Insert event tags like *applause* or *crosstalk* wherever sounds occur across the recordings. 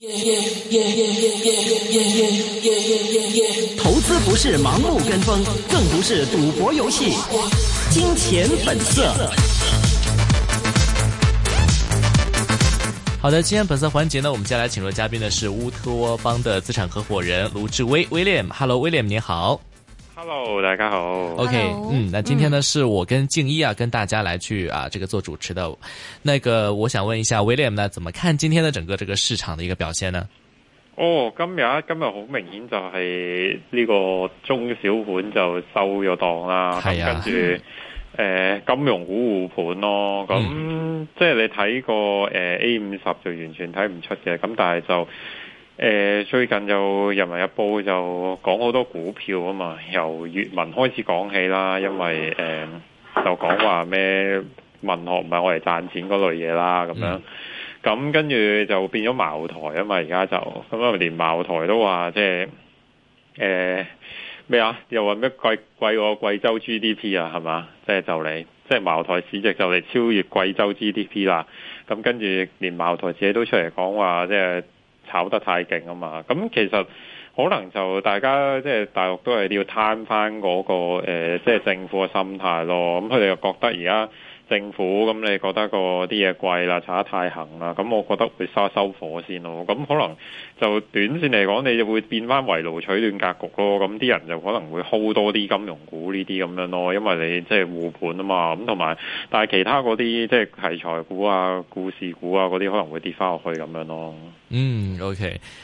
耶耶耶耶耶耶耶耶耶耶，投資不是盲目跟風，更不是賭博遊戲。金錢本色。好的，今天本色環節呢，我們接下來請到嘉賓的是烏托邦的資產合夥人盧志威 （William）。Hello，William，你好。Hello，大家好。OK，嗯，那今天呢，是我跟靜一啊，跟大家來去啊，這個做主持的，那個我想問一下、嗯、William，呢，怎麼看今天的整個這個市場的一個表現呢？哦，今日今日好明顯就係呢個中小盤就收咗檔啦，係啊、哎呀，跟住誒金融股護盤咯，咁、嗯嗯、即係你睇個誒 A 五十就完全睇唔出嘅，咁但係就。誒、呃，最近就人民日報就講好多股票啊嘛，由粵文開始講起啦，因為誒、呃、就講話咩文學唔係我嚟賺錢嗰類嘢啦，咁樣咁跟住就變咗茅台啊嘛，而家就咁啊連茅台都話即係誒咩啊，又話咩貴貴過貴州 GDP 啊，係嘛，即係就嚟即係茅台市值就嚟超越貴州 GDP 啦，咁跟住連茅台自己都出嚟講話即係。跑得太勁啊嘛，咁其實可能就大家即係、就是、大陸都係要攤翻嗰、那個誒，即、呃、係、就是、政府嘅心態咯，咁佢哋又覺得而家。政府咁，你覺得嗰啲嘢貴啦，炒得太行啦，咁我覺得會收收火先咯。咁可能就短線嚟講，你就會變翻圍爐取暖格局咯。咁啲人就可能會 hold 多啲金融股呢啲咁樣咯，因為你即係護盤啊嘛。咁同埋，但係其他嗰啲即係題材股啊、故事股啊嗰啲，可能會跌翻落去咁樣咯。嗯，OK。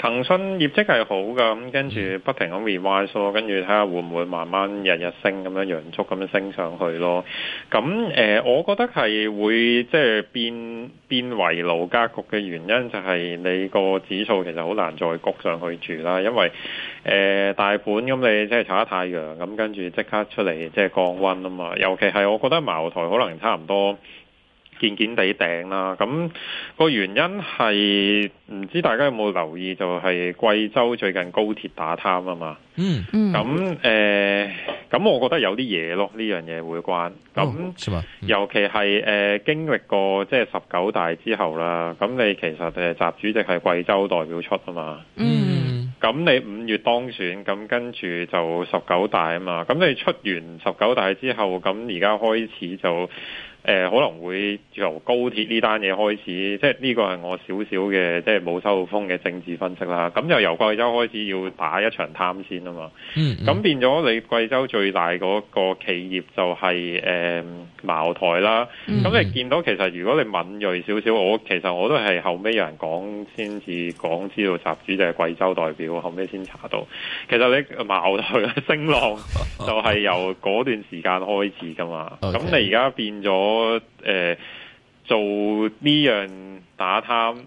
騰訊業績係好噶，咁跟住不停咁 revise 咗，跟住睇下會唔會慢慢日日升咁樣陽燭咁樣升上去咯。咁誒、呃，我覺得係會即係變變為老家局嘅原因，就係你個指數其實好難再焗上去住啦，因為誒、呃、大盤咁你即係炒太陽咁，跟住即刻出嚟即係降溫啊嘛。尤其係我覺得茅台可能差唔多。件件地頂啦，咁、那個原因係唔知大家有冇留意，就係、是、貴州最近高鐵打貪啊嘛。嗯嗯。咁誒那，咁、嗯呃、我覺得有啲嘢咯，呢樣嘢會關。咁，哦嗯、尤其係誒、呃、經歷過即係十九大之後啦，咁你其實誒習主席係貴州代表出啊嘛。嗯。咁你五月當選，咁跟住就十九大啊嘛。咁你出完十九大之後，咁而家開始就。誒、呃，可能會由高鐵呢單嘢開始，即係呢個係我少少嘅，即係冇收風嘅政治分析啦。咁就由貴州開始要打一場貪先啊嘛。咁、嗯、變咗你貴州最大嗰個企業就係、是、誒、嗯、茅台啦。咁、嗯、你見到其實如果你敏銳少少，我其實我都係後尾有人講先至講知道習主席就係貴州代表，後尾先查到。其實你茅台嘅升浪就係由嗰段時間開始噶嘛。咁、嗯嗯、你而家變咗。我誒、呃、做呢樣打貪。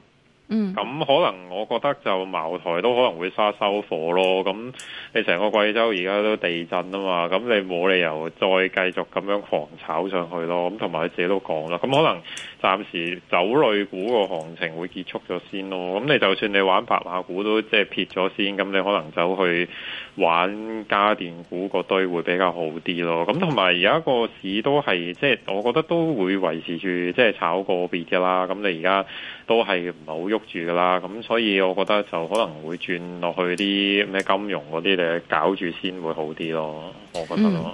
咁、嗯、可能我覺得就茅台都可能會沙收火咯，咁你成個貴州而家都地震啊嘛，咁你冇理由再繼續咁樣狂炒上去咯。咁同埋你自己都講啦，咁可能暫時酒類股個行情會結束咗先咯。咁你就算你玩白馬股都即係撇咗先，咁你可能走去玩家電股個堆會比較好啲咯。咁同埋而家個市都係即係我覺得都會維持住即係、就是、炒個別㗎啦。咁你而家都係唔好喐住噶啦，咁所以我覺得就可能會轉落去啲咩金融嗰啲嘅搞住先會好啲咯，我覺得咯。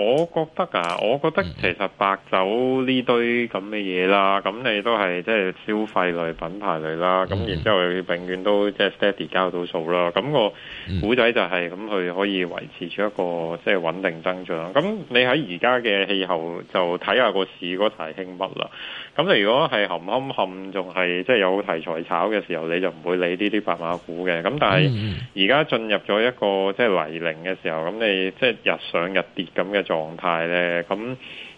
我覺得啊，我覺得其實白酒呢堆咁嘅嘢啦，咁你都係即係消費類品牌類啦，咁然之後永遠都即係 steady 交到數啦。咁、那個股仔就係、是，咁，佢可以維持住一個即係穩定增長。咁你喺而家嘅氣候就看看，就睇下個市嗰陣係興乜啦。咁你如果係含冚冚，仲係即係有題材炒嘅時候，你就唔會理呢啲白馬股嘅。咁但係而家進入咗一個即係維零嘅時候，咁你即係、就是、日上日跌咁嘅狀態咧，咁。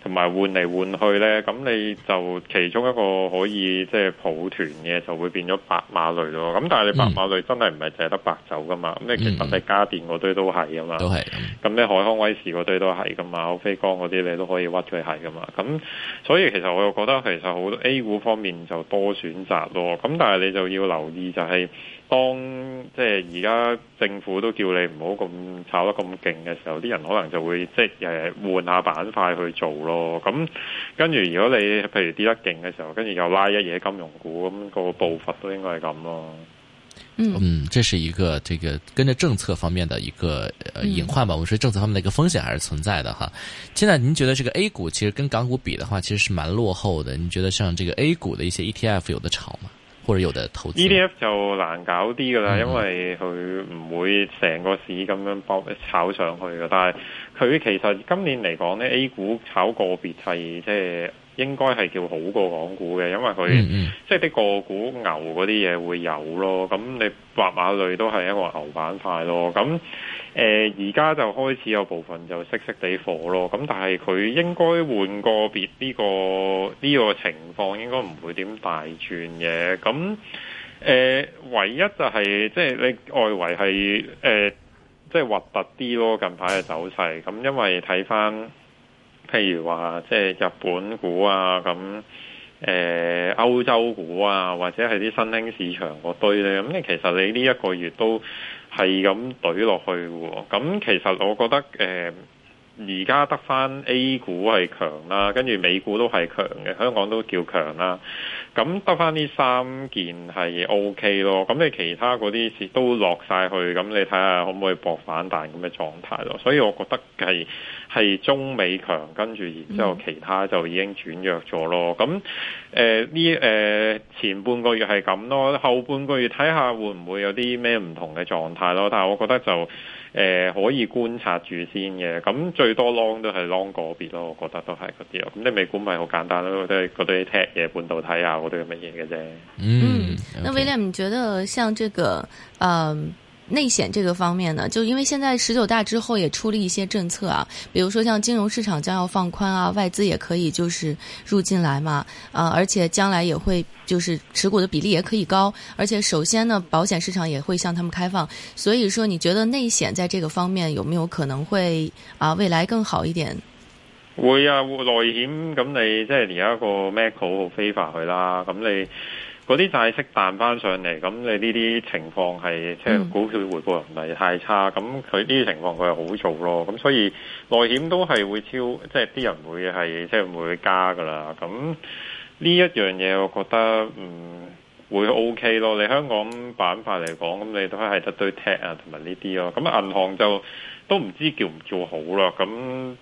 同埋換嚟換去呢，咁你就其中一個可以即係抱團嘅，就會變咗白馬類咯。咁但係你白馬類真係唔係淨係得白酒噶嘛？咁你、嗯、其實你家電嗰堆都係啊嘛，都係、嗯。咁你海康威視嗰堆都係噶嘛，歐菲光嗰啲你都可以屈佢係噶嘛。咁所以其實我又覺得其實好多 A 股方面就多選擇咯。咁但係你就要留意就係、是。當即係而家政府都叫你唔好咁炒得咁勁嘅時候，啲人可能就會即係換下板塊去做咯。咁、嗯、跟住如果你譬如跌得勁嘅時候，跟住又拉一嘢金融股，咁，個步伐都應該係咁咯。嗯，嗯，這是一個這個跟着政策方面的一個隱患吧？我說政策方面的一個風險還是存在的哈。現在您覺得這個 A 股其實跟港股比的話，其實是蠻落後的。您覺得像這個 A 股的一些 ETF，有得炒嗎？或者有啲投資 ETF 就難搞啲㗎喇，嗯啊、因為佢唔會成個市咁樣爆炒上去嘅。但係佢其實今年嚟講咧，A 股炒個別係即係。就是應該係叫好過港股嘅，因為佢、mm hmm. 即係啲個股牛嗰啲嘢會有咯。咁你白馬類都係一個牛板塊咯。咁誒而家就開始有部分就熄熄地火咯。咁但係佢應該換個別呢、呢個呢、呢個情況，應該唔會點大轉嘅。咁誒、呃、唯一就係、係、即係你外圍係誒、呃、即係核突啲咯。近排嘅走勢咁，因為睇翻。譬如話，即係日本股啊，咁誒歐洲股啊，或者係啲新興市場個堆咧，咁你其實你呢一個月都係咁堆落去喎，咁其實我覺得誒而家得返 A 股係強啦，跟住美股都係強嘅，香港都叫強啦。咁得翻呢三件係 O K 咯，咁你其他嗰啲事都落晒去，咁你睇下可唔可以搏反彈咁嘅狀態咯。所以我覺得係係中美強，跟住然之後其他就已經轉弱咗咯。咁誒呢誒前半個月係咁咯，後半個月睇下會唔會有啲咩唔同嘅狀態咯。但係我覺得就誒、呃、可以觀察住先嘅。咁最多 long 都係 long 個別咯，我覺得都係嗰啲。咁你美股咪好簡單咯，都係嗰啲 tech 嘅半導體啊。我哋都有乜嘢嘅啫？嗯，Okay. 那威廉，l 你覺得像這個，呃，內險這個方面呢？就因為現在十九大之後也出了一些政策啊，比如說像金融市場將要放寬啊，外資也可以就是入進來嘛，啊、呃，而且將來也會就是持股的比例也可以高，而且首先呢，保險市場也會向他們開放，所以說你覺得內險在這個方面有沒有可能會啊、呃、未來更好一點？會啊，會內險，咁你即係而家一個咩口號非法去啦，咁你嗰啲債息彈翻上嚟，咁你呢啲情況係即係股票回報能力太差，咁佢呢啲情況佢係好做咯，咁所以內險都係會超，即係啲人會係即係會加噶啦，咁呢一樣嘢我覺得嗯會 OK 咯，你香港板塊嚟講，咁你都係得堆 tag 啊，同埋呢啲咯，咁啊銀行就。都唔知叫唔叫好咯，咁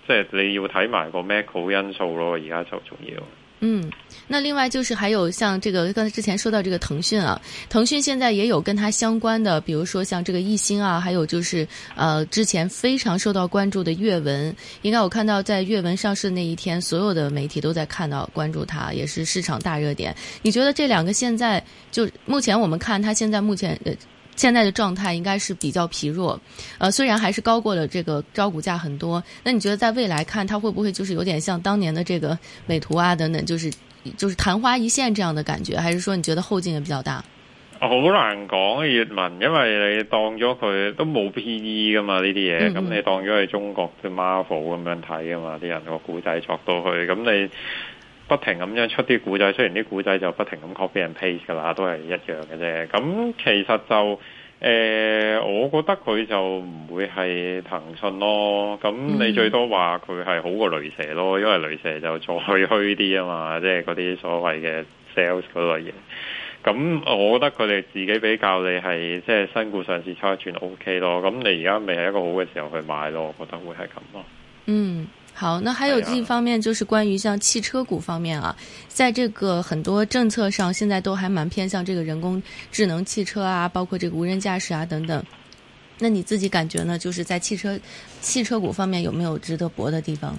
即係你要睇埋個咩好因素咯，而家就重要。嗯，那另外就是還有像這個剛才之前說到這個騰訊啊，騰訊現在也有跟它相關的，比如說像這個易鑫啊，還有就是，呃，之前非常受到關注的閱文，應該我看到在閱文上市那一天，所有的媒體都在看到關注它，也是市場大熱點。你覺得這兩個現在就目前我們看，它現在目前，現在的狀態應該是比較疲弱，呃，雖然還是高過了這個招股價很多，那你覺得在未來看，它會不會就是有點像當年的這個美圖啊等等，就是就是曇花一現這樣的感覺，還是說你覺得後勁也比較大？好難講，葉文，因為你當咗佢都冇 P E 噶嘛呢啲嘢。咁、嗯嗯、你當咗係中國嘅 Marvel 咁樣睇噶嘛，啲人個故仔作到去，咁你。不停咁樣出啲古仔，雖然啲古仔就不停咁 copy and paste 噶啦，都係一樣嘅啫。咁其實就誒，我覺得佢就唔會係騰訊咯。咁你最多話佢係好過雷蛇咯，因為雷蛇就再虛啲啊嘛，即係嗰啲所謂嘅 sales 嗰類嘢。咁我覺得佢哋自己比較你係即係新股上市差一轉 OK 咯。咁你而家未係一個好嘅時候去買咯，我覺得會係咁咯。嗯。好，那還有一方面，就是關於像汽車股方面啊，在這個很多政策上，現在都還蠻偏向這個人工智能汽車啊，包括這個無人駕駛啊等等。那你自己感覺呢？就是在汽車、汽車股方面，有沒有值得搏的地方？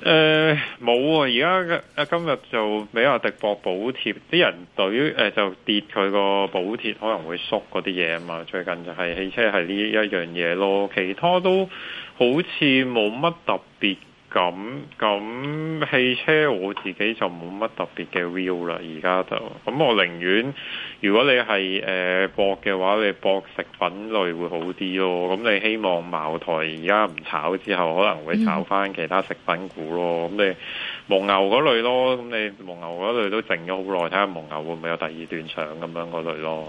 誒、呃，冇啊！而家、呃、今日就比亞迪博補貼，啲人對於誒、呃、就跌佢個補貼可能會縮嗰啲嘢啊嘛。最近就係汽車係呢一樣嘢咯，其他都好似冇乜特別。咁咁汽車我自己就冇乜特別嘅 view 啦，而家就咁我寧願如果你係誒博嘅話，你博食品類會好啲咯。咁你希望茅台而家唔炒之後，可能會炒翻其他食品股咯。咁你，你蒙牛嗰類咯，咁你蒙牛嗰類都靜咗好耐，睇下蒙牛會唔會有第二段上咁樣嗰類咯。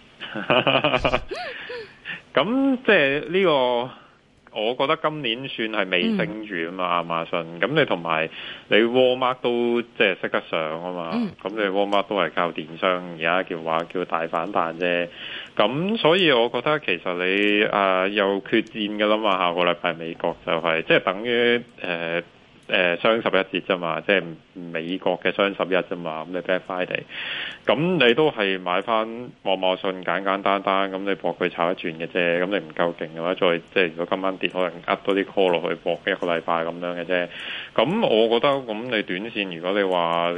咁 *laughs* 即係呢、這個，我覺得今年算係未整住啊嘛，亞馬遜。咁你同埋你沃爾瑪都即係識得上啊嘛。咁你沃爾瑪都係靠電商，而家叫話叫大反彈啫。咁所以我覺得其實你啊、呃、又決戰㗎喇嘛，下個禮拜美國就係、是、即係等於誒。呃誒、呃、雙十一節啫嘛，即係美國嘅雙十一啫嘛，咁、嗯、你 Black Friday，咁你都係買翻亞馬遜，簡簡單單，咁你搏佢炒一轉嘅啫，咁你唔夠勁嘅話，再即係如果今晚跌，可能壓多啲 call 落去搏一個禮拜咁樣嘅啫。咁我覺得咁你短線，如果你話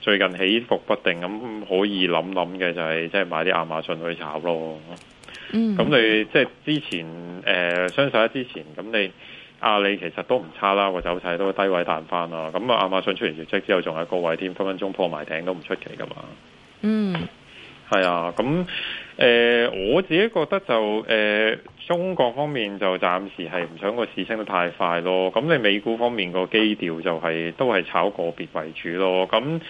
最近起伏不定，咁可以諗諗嘅就係、是、即係買啲亞馬遜去炒咯。咁你即係之前誒雙十一之前，咁、呃、你。阿里、啊、其實都唔差啦，個走勢都低位彈翻啦。咁啊，亞馬遜出完業績之後仲係高位添，分分鐘破埋頂都唔出奇噶嘛。嗯，係啊、嗯，咁、嗯。誒、呃，我自己覺得就誒、呃，中國方面就暫時係唔想個市升得太快咯。咁你美股方面個基調就係、是、都係炒個別為主咯。咁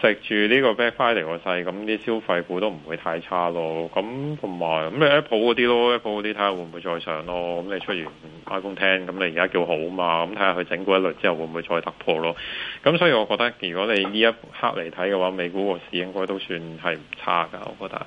食住呢個 backfire 嚟個勢，咁啲消費股都唔會太差咯。咁同埋咁你 Apple 嗰啲咯，Apple 嗰啲睇下會唔會再上咯。咁、嗯、你出完 iPhone Ten 咁你而家叫好嘛？咁睇下佢整過一輪之後會唔會再突破咯。咁、嗯、所以我覺得如果你呢一刻嚟睇嘅話，美股個市應該都算係唔差噶，我覺得。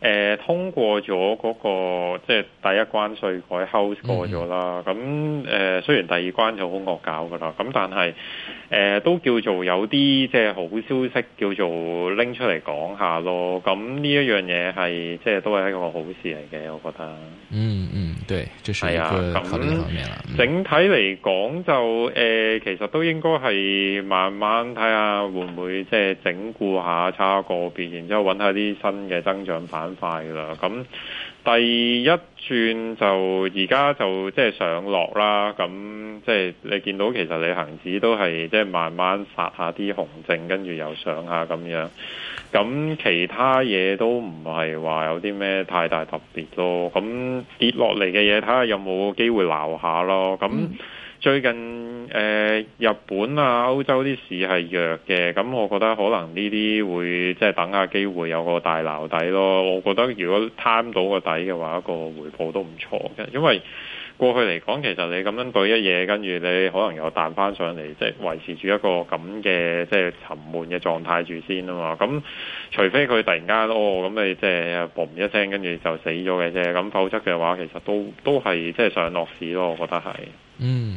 誒、呃、通過咗嗰、那個即係第一關稅改、那個、house 過咗啦，咁誒、mm hmm. 呃、雖然第二關就好惡搞噶啦，咁但係誒、呃、都叫做有啲即係好消息，叫做拎出嚟講下咯。咁呢一樣嘢係即係都係一個好事嚟嘅，我覺得。嗯嗯、mm。Hmm. 對，係、就、啊、是哎，咁、嗯嗯、整體嚟講就誒、呃，其實都應該係慢慢睇下會唔會即係整固下差個別，然之後揾下啲新嘅增長板塊噶啦，咁、嗯。第一轉就而家就即係上落啦，咁即係你見到其實恒指都係即係慢慢殺下啲紅證，跟住又上下咁樣。咁其他嘢都唔係話有啲咩太大特別咯。咁跌落嚟嘅嘢睇下看看有冇機會撈下咯。咁。嗯。最近誒、呃、日本啊，歐洲啲市係弱嘅，咁我覺得可能呢啲會即係等下機會有個大撈底咯。我覺得如果攤到個底嘅話，個回報都唔錯嘅，因為過去嚟講其實你咁樣倒一嘢，跟住你可能又彈翻上嚟，即係維持住一個咁嘅即係沉悶嘅狀態住先啊嘛。咁除非佢突然間哦咁你即係爆一聲，跟住就死咗嘅啫。咁否則嘅話，其實都都係即係上落市咯。我覺得係嗯。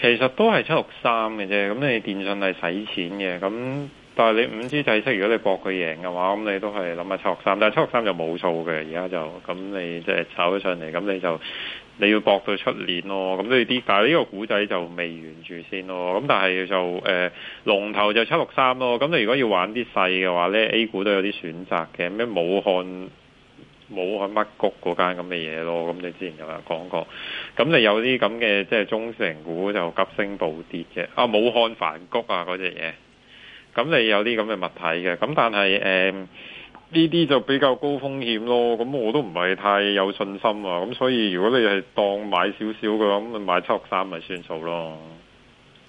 其實都係七六三嘅啫，咁你電信係使錢嘅，咁但係你五 G 製式，如果你博佢贏嘅話，咁你都係諗下七六三。但係七六三就冇數嘅，而家就咁你即係炒咗上嚟，咁你就，你，就你要博到出年咯。咁你啲，但係呢個故仔就未完住先咯。咁但係就誒、呃，龍頭就七六三咯。咁你如果要玩啲細嘅話呢 A 股都有啲選擇嘅，咩武漢。武漢乜谷嗰間咁嘅嘢咯，咁你之前有冇講過，咁你有啲咁嘅即係中成股就急升暴跌嘅，啊武漢凡谷啊嗰隻嘢，咁、那個、你有啲咁嘅物體嘅，咁但係誒呢啲就比較高風險咯，咁我都唔係太有信心啊，咁所以如果你係當買少少嘅咁，買七六三咪算數咯。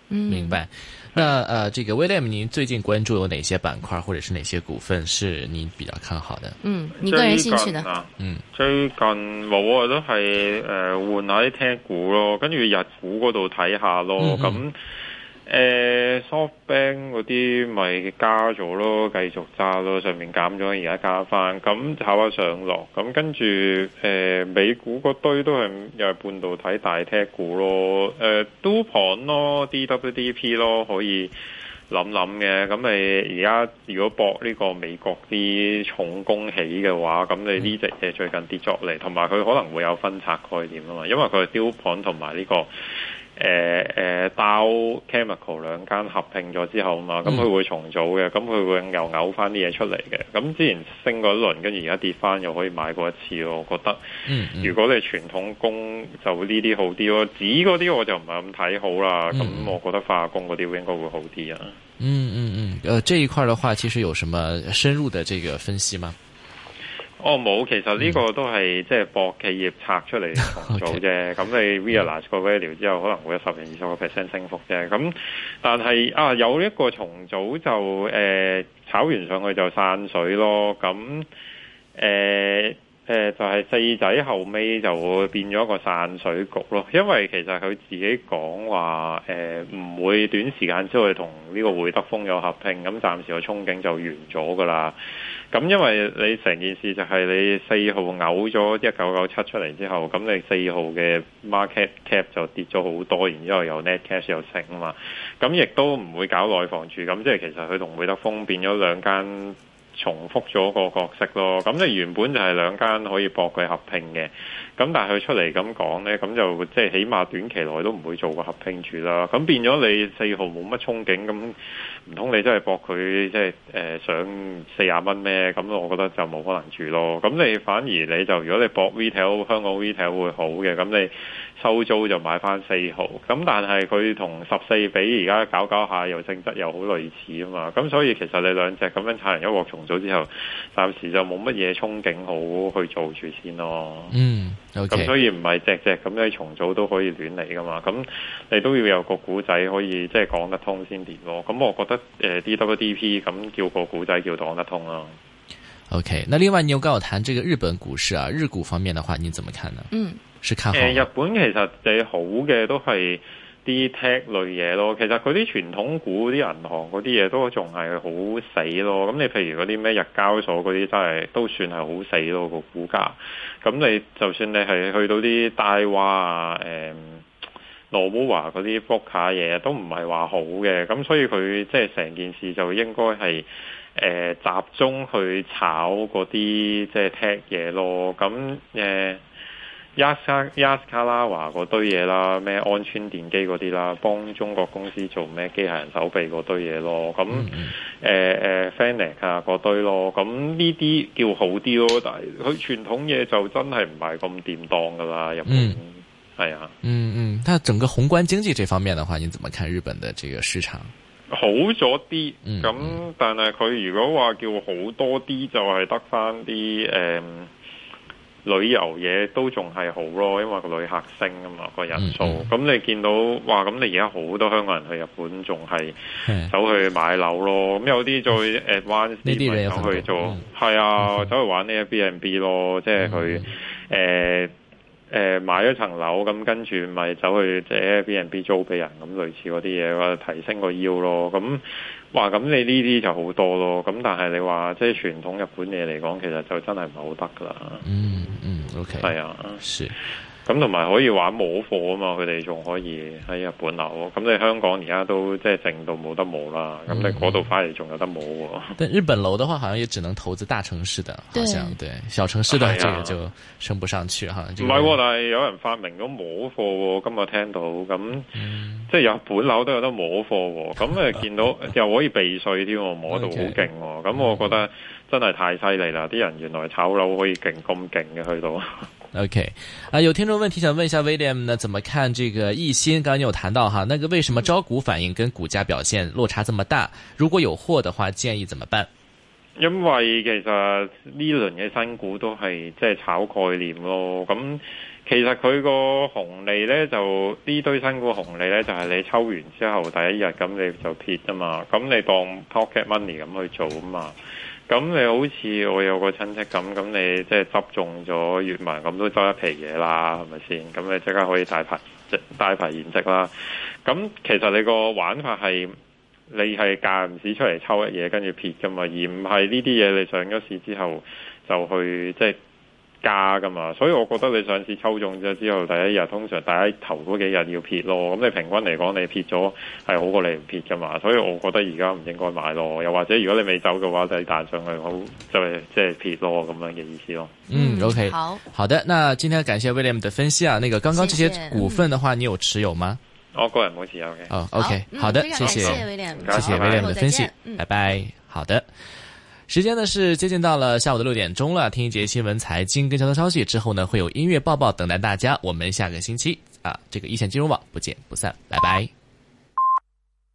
嗯，明白，那呃，這個 William 您最近關注有哪些板塊，或者是哪些股份是您比較看好的？嗯，你個人興趣的。嗯、啊，最近冇啊，都係誒換下啲聽股咯，跟住日股嗰度睇下咯，咁。嗯誒、呃、Softbank 嗰啲咪加咗咯，繼續揸咯，上面減咗，而家加翻。咁炒下上落，咁跟住誒美股個堆都係又係半導體大 Tech 股咯，誒 DuPont 咯，DWDP 咯，可以諗諗嘅。咁你而家如果搏呢個美國啲重工起嘅話，咁你呢隻嘢最近跌咗落嚟，同埋佢可能會有分拆概念啊嘛，因為佢 d 係 DuPont 同埋呢個。誒誒，Dow Chemical 兩間合併咗之後啊嘛，咁佢會重組嘅，咁佢會又嘔翻啲嘢出嚟嘅。咁之前升過一輪，跟住而家跌翻，又可以買過一次咯。我覺得，如果你傳統工就呢啲好啲咯，紙嗰啲我就唔係咁睇好啦。咁我覺得化工嗰啲應該會好啲啊。嗯嗯嗯，誒、嗯，呢一塊嘅話，其實有什麼深入嘅這個分析嗎？哦，冇，其實呢個都係即係博企業拆出嚟重組啫。咁 *laughs* Okay. 你 realize 個 value 之後，可能會有十零二十個 percent 升幅啫。咁但係啊，有一個重組就誒、呃、炒完上去就散水咯。咁誒。呃誒、呃、就係、是、四仔後尾就會變咗個散水局咯，因為其實佢自己講話誒唔會短時間之內同呢個會德豐有合併，咁暫時個憧憬就完咗噶啦。咁因為你成件事就係你四號嘔咗一九九七出嚟之後，咁你四號嘅 market cap 就跌咗好多，然之後又 net cash 又剩啊嘛，咁亦都唔會搞內房住，咁即係其實佢同會德豐變咗兩間。重複咗個角色咯，咁、嗯、咧原本就係兩間可以搏佢合併嘅，咁、嗯、但係佢出嚟咁講呢，咁、嗯、就即係起碼短期內都唔會做個合併住啦。咁、嗯、變咗你四號冇乜憧憬，咁唔通你真係搏佢即係誒上四廿蚊咩？咁、嗯、我覺得就冇可能住咯。咁、嗯、你反而你就如果你搏 retail 香港 retail 會好嘅，咁、嗯、你收租就買翻四號。咁、嗯、但係佢同十四比而家搞搞下又性質又好類似啊嘛。咁、嗯、所以其實你兩隻咁樣踩人一鑊重咗之後，暫時就冇乜嘢憧憬好去做住先咯。嗯，咁所以唔係隻隻咁樣重組都可以亂嚟噶嘛。咁你都要有個故仔可以即係講得通先掂咯。咁我覺得誒，DWDP 咁叫個故仔叫講得通咯。OK，那另外你又跟我談這個日本股市啊，日股方面的話，你怎麼看呢？嗯，是看好。日本其實最好嘅都係。啲 tech 類嘢咯，其實嗰啲傳統股、啲銀行嗰啲嘢都仲係好死咯。咁你譬如嗰啲咩日交所嗰啲真係都算係好死咯，個股價。咁你就算你係去到啲 Daiwa 啊、誒、呃、羅寶華嗰啲 broker 嘢都唔係話好嘅。咁所以佢即係成件事就應該係誒、呃、集中去炒嗰啲即係 tech 嘢咯。咁誒。呃雅斯卡雅斯卡拉華嗰堆嘢啦，咩安川電機嗰啲啦，幫中國公司做咩機械人手臂嗰堆嘢咯，咁誒誒 FANUC 啊嗰堆咯，咁呢啲叫好啲咯，但係佢傳統嘢就真係唔係咁掂當㗎喇，日本係、嗯、啊，嗯嗯，但係整個宏觀經濟這方面嘅話，你點看日本嘅這個市場？好咗啲，咁但係佢如果話叫好多啲，就係得返啲誒。旅遊嘢都仲係好咯，因為個旅客升啊嘛，個人數。咁、嗯、你見到哇，咁你而家好多香港人去日本仲係走去買樓咯。咁有啲再 advanced 啲朋友去做，係、嗯、啊，嗯、走去玩呢啲 B and B 咯，即係佢誒。嗯呃誒、呃，買咗層樓咁，跟住咪走去借 B and B 租俾人，咁類似嗰啲嘢，或提升個腰咯。咁，哇，咁你呢啲就好多咯。咁但係你話即係傳統日本嘢嚟講，其實就真係唔係好得噶啦。嗯嗯，OK，係啊，是。咁同埋可以玩摸貨啊嘛，佢哋仲可以喺日本樓。咁、嗯、你、嗯、香港而家都即係靜到冇得摸啦。咁你嗰度翻嚟仲有得摸喎。但日本樓嘅話，好像也只能投資大城市嘅。好像對小城市的這就升不上去哈。唔係喎，啊嗯、但係有人發明咗摸貨喎、哦。今日聽到咁，即係日本樓都有得摸貨喎、哦。咁誒見到又、嗯嗯、可以避稅添，摸到好勁喎。咁、嗯、我覺得真係太犀利啦！啲人、嗯嗯、原來炒樓可以勁咁勁嘅去到。OK，啊、uh, 有聽眾問題想問一下 William 呢？怎麼看這個易鑫？剛才你有談到哈，那個為什麼招股反應跟股價表現落差這麼大？如果有貨的話，建議怎麼辦？因為其實呢輪嘅新股都係即係炒概念咯，咁、嗯、其實佢個紅利呢，就呢堆新股紅利呢，就係、是、你抽完之後第一日咁你就撇啫嘛，咁你當 Pocket Money 咁去做啊嘛。咁你好似我有個親戚咁，咁你即係執中咗粵文，咁都得一皮嘢啦，係咪先？咁你即刻可以大排即係大排筵席啦。咁其實你個玩法係，你係間唔時出嚟抽一嘢，跟住撇噶嘛，而唔係呢啲嘢你上咗市之後就去即係。加噶嘛，所以我覺得你上次抽中咗之後，第一日通常大家頭嗰幾日要撇咯。咁、嗯、你平均嚟講，你撇咗係好過你唔撇噶嘛。所以我覺得而家唔應該買咯。又或者如果你未走嘅話，就彈上去好，就係即係撇咯咁樣嘅意思咯。嗯，OK，好，好的。那今天感謝 William 的分析啊。那個剛剛這些股份的話，你有持有嗎？我、嗯哦、個人冇持有嘅。Okay 哦，OK，好，好，好的，謝謝，謝謝 William，謝謝謝謝 William 的分析，拜拜。嗯、好的。時間呢是接近到了下午的六點鐘了，聽一節新聞財經跟交通消息之後呢，會有音樂報報等待大家。我們下個星期啊，這個一線金融網不見不散，拜拜。